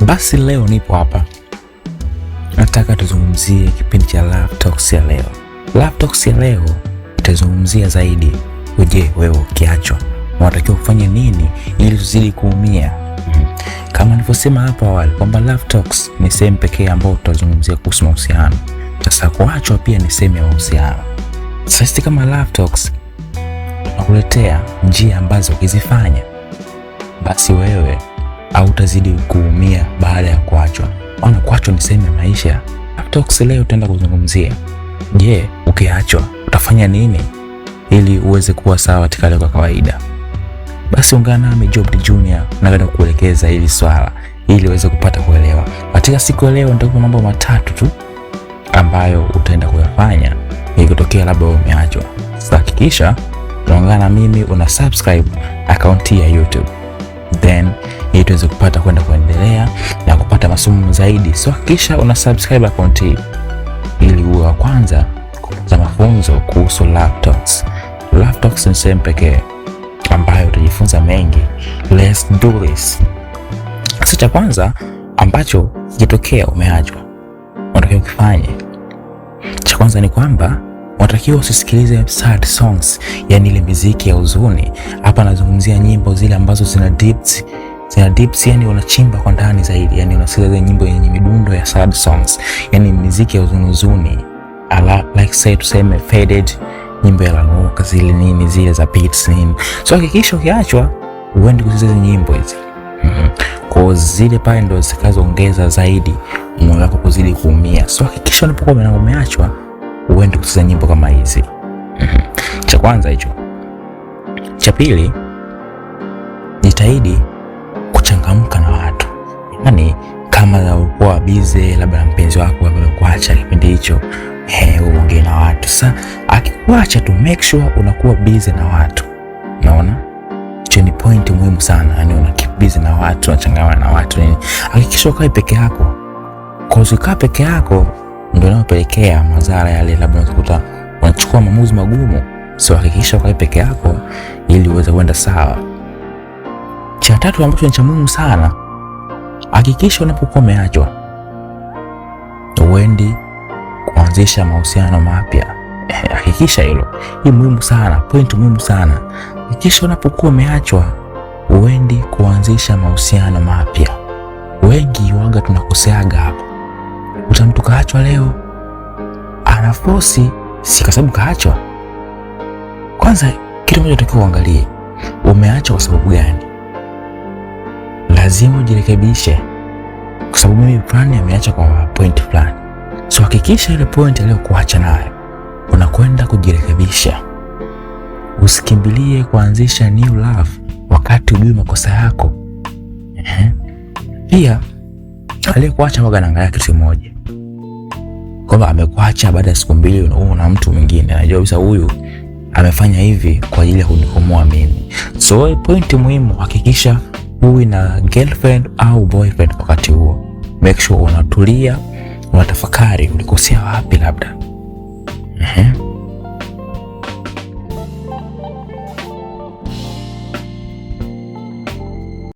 Basi leo nipo hapa, nataka tuzungumzie kipindi cha Love Talks ya leo. Love Talks ya leo itazungumzia zaidi, uje wewe ukiachwa unatakiwa kufanya nini ili tuzidi kuumia. Hmm. Kama nilivyosema hapo awali kwamba Love Talks ni sehemu pekee ambayo tutazungumzia kuhusu mahusiano. Sasa kuachwa pia ni sehemu ya mahusiano. Sisi kama Love Talks tunakuletea njia ambazo ukizifanya basi wewe au utazidi kuumia baada ya kuachwa. Maana kuachwa ni sehemu ya maisha. Talks leo tutaenda kuzungumzia, je, ukiachwa utafanya nini ili uweze kuwa sawa katika hali ya kawaida? Basi ungana nami Job Junior, na naenda kukuelekeza hili swala ili uweze kupata kuelewa. Katika siku ya leo nitakupa mambo matatu tu ambayo utaenda kuyafanya ikitokea labda umeachwa. Sasa hakikisha unaungana na mimi una subscribe akaunti ya YouTube then ili tuweze kupata kwenda kuendelea na kupata masomo zaidi. So hakikisha una subscribe account hii ili uwe wa kwanza kupata mafunzo kuhusu laptops. Laptops ni sehemu pekee ambayo utajifunza mengi. Let's do this. Sasa cha kwanza ambacho kitokea umeachwa unatakiwa ukifanye, cha kwanza ni kwamba unatakiwa usisikilize sad songs, yani ile miziki ya huzuni. Hapa nazungumzia nyimbo zile ambazo zina deep zina dips, yani unachimba kwa ndani zaidi, yani unasikia zile nyimbo yenye midundo ya sad songs, yani muziki ya uzunuzuni ala like say tuseme faded, nyimbo ya lanuka zile nini zile za beats nini. So hakikisha ukiachwa uende kusikiza zile nyimbo hizi mm -hmm. kwa zile pale ndo zikazoongeza zaidi moyo wako kuzidi kuumia. So hakikisha unapokuwa umeachwa uende kusikiza nyimbo kama hizi mm -hmm. cha kwanza hicho, cha pili jitahidi muulize labda mpenzi wako amekuacha kipindi hicho, eh, uongee na watu. Sasa akikuacha tu make sure unakuwa busy na watu, unaona hicho ni point muhimu sana, yani una keep busy na watu, unachangamana na watu nini. Hakikisha ukae peke yako, cause ukaa peke yako ndio inayopelekea madhara yale, labda unakuta unachukua maamuzi magumu. So hakikisha ukae peke yako ili uweze kwenda sawa. Cha tatu ambacho ni cha muhimu sana, hakikisha unapokuwa umeachwa huendi kuanzisha mahusiano mapya. Eh, hakikisha hilo, hii muhimu sana, point muhimu sana. Hakikisha unapokuwa umeachwa huendi kuanzisha mahusiano mapya. Wengi waga tunakoseaga hapo. Utamtu kaachwa leo anafosi, si kwa sababu kaachwa. Kwanza kitu moja tunatakiwa uangalie, umeachwa kwa sababu gani? Lazima ujirekebishe kwa sababu mimi fulani ameacha kwa point fulani. So hakikisha ile point aliyokuacha nayo unakwenda kujirekebisha. Usikimbilie kuanzisha new love wakati hujui makosa yako. Ehe. Pia aliyekuacha waga anaangalia kitu kimoja kwamba amekuacha baada ya siku mbili, na mtu mwingine, anajua kabisa huyu amefanya hivi kwa ajili ya kunikomoa mimi. So point muhimu, hakikisha uwe na girlfriend au boyfriend wakati huo make sure unatulia, unatafakari ulikosea wapi labda.